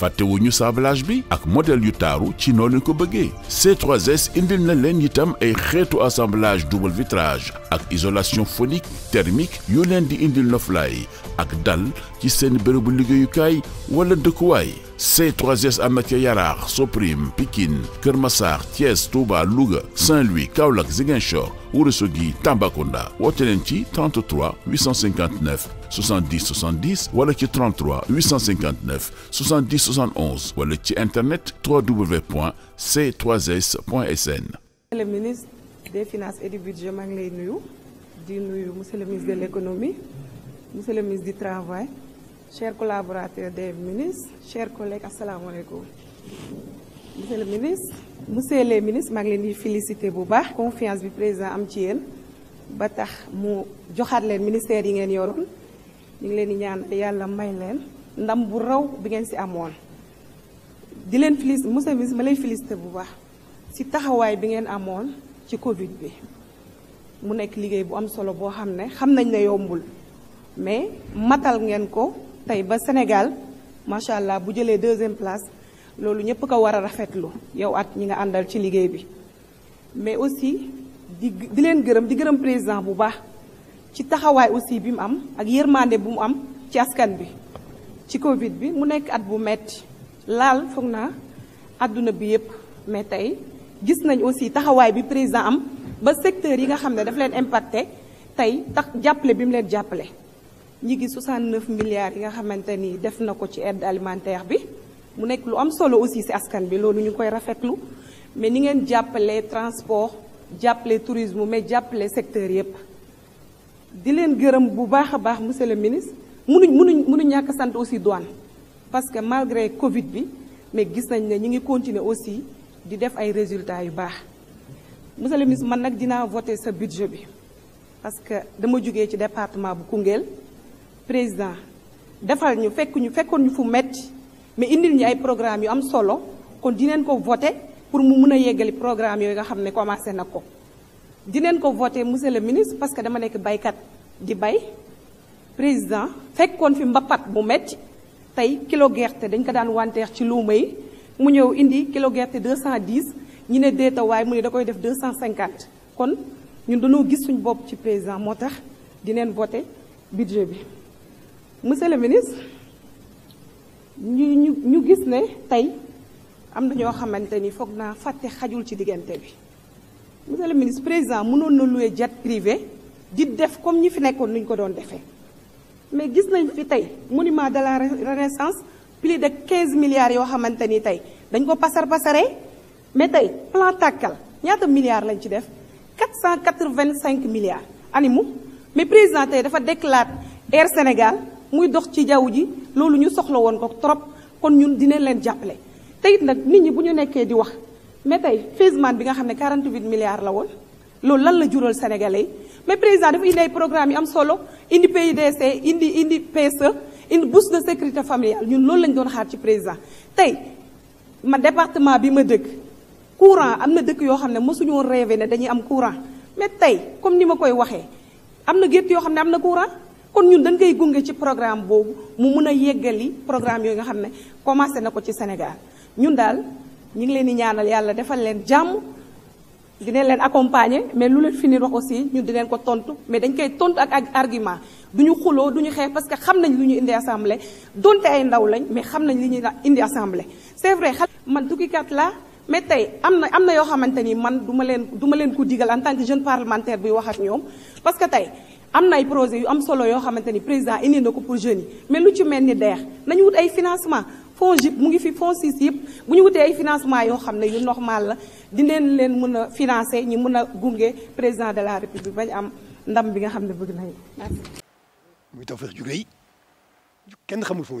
fàttewuñu sablage bi ak modèle yu taaru ci noolu noonu ko bëggee c 3 indil na leen itam ay xeetu assemblage double vitrage ak isolation phonique thermique yu leen di indil noflaay ak dal ci seen bërëbu liggéeyukaay wala dëkkuwaay C3S Amathia Yaraax Soprim Pikine Kër Massar Thiès Touba Louga Saint-Louis Kaolack Ziguinchor Ourossogui Tambacounda woote leen ci 33 859 70 70 wala ci 33 859 70 71 wala ci internet www.c3s.sn. Monsieur le ministre des Finances et du Budget maa ngi lay nuyu di nuyu monsieur le ministre de l'économie monsieur le ministre du travail chers collaborateurs des ministres cher collègues asalaamaaleykum monsieur monsieur le ministre maa ngi leen di félicité bu baax confiance bi président am ci yéen ba tax mu joxaat leen ministère yi ngeen yoroon ñu ngi leen di ñaan yàlla may leen ndam bu raw bi ngeen si amoon di leen félicité mu le ministre ma lay félicité bu baax si taxawaay bi ngeen amoon ci Covid bi mu nekk liggéey bu am solo boo xam ne xam nañ ne yombul mais matal ngeen ko tey ba Sénégal macha allah bu jëlee deuxième place. loolu ñëpp ko war a rafetlu yow at ñi nga àndal ci liggéey bi mais aussi di di leen gërëm di gërëm président bu baax ci taxawaay aussi bi mu am ak yërmande bu mu am ci askan bi ci Covid bi mu nekk at bu metti laal foog naa àdduna bi yëpp mais tey gis nañ aussi taxawaay bi président am ba secteur yi nga xam ne daf leen impacté tey tax jàppale bi mu leen jàppale ñi gi 69 milliards yi nga xamante ni def na ko ci aide alimentaire bi mu nekk lu am solo aussi si askan bi loolu ñu koy rafetlu mais ni ngeen jàppale transport jàppale tourisme mais jàppale secteur yépp di leen gërëm bu baax a baax monsieur le ministre mënuñ munuñ mënuñ ñàkk sant aussi douane parce que malgré Covid bi mais gis nañ ne ñu ngi continuer aussi di def ay résultats yu baax monsieur ministre man nag dinaa voter sa budget bi parce que dama jóge ci département bu Koungheul président defal ñu fekk fekkoon ñu fu metti mais indil ñu ay programme yu am solo kon dineen ko voté pour mu mun a yeggali programme yooyu nga xam ne commencé na ko dineen ko voté monsieur le ministre parce que dama nekk baykat di bay président fekkoon fi mbappat bu metti tey kilo gerte dañ ko daan wanteex ci luuma yi mu ñëw indi kilo gerte 210 ñu ne déeta waaye mu ne da koy def cent cinquante kon ñun dañoo gis suñ bopp ci président moo tax dineen voté budget bi monsieur le ministre ñu ñu ñu gis ne tey am na ñoo xamante ni foog naa fàtte xajul ci diggante bi monsieur le ministre président mënoon na louer jet privé di def comme ñi fi nekkoon nuñ ko doon defee mais gis nañ fi tey monument de la renaissance plus de quinze milliards yoo xamante ni tey dañ ko pasar pasaree mais tey plan tàkkal ñaata milliards lañ ci def 485 milliards animu mais président tey dafa déclare Air Sénégal muy dox ci jaww ji loolu ñu soxla woon ko trop kon ñun dinañ leen jàppale te it nag nit ñi bu ñu nekkee di wax mais tey Fesman bi nga xam ne quarante 48 milliards la woon loolu lan la jural sénégalais yi mais président dafa indi ay programme yi am solo indi PIDC indi indi PSE indi bourse de sécurité familiale ñun loolu lañ doon xaar ci président tey ma département bi ma dëkk courant am na dëkk yoo xam ne mosuñu woon rêvé ne dañuy am courant mais tey comme ni ma koy waxee am na gétt yoo xam ne am na courant kon ñun dañ koy gunge ci programme boobu mu mun a yeggali programme yooyu nga xam ne commencé na ko ci Sénégal ñun daal ñu ngi leen di ñaanal yàlla defal leen jàmm di dinañ leen accompagner mais lu leen finir wax aussi ñun dinañ ko tontu mais dañ koy tontu ak argument du ñu xuloo du ñu xeex parce que xam nañ lu ñu indi assemblée donte ay ndaw lañ mais xam nañ li ñuy indi assemblée c'est vrai xale man tukkikat laa mais tey am na am na yoo xamante ni man du leen du leen ko digal en tant que jeune parlementaire buy wax ak ñoom parce que tey am na ay projet yu am solo yoo xamante ni président indi na ko pour jeunes yi mais lu ci mel ni deex nañu wut ay financement fonds JIP mu ngi fi fonds six yëpp bu ñu wutee ay financement yoo xam ne yu normal la dineen leen mën a financer ñi mën a gunge président de la république bañ am ndam bi nga xam ne bëgg nañu merci. muy Tawfekh ju rëy kenn xamul fu mu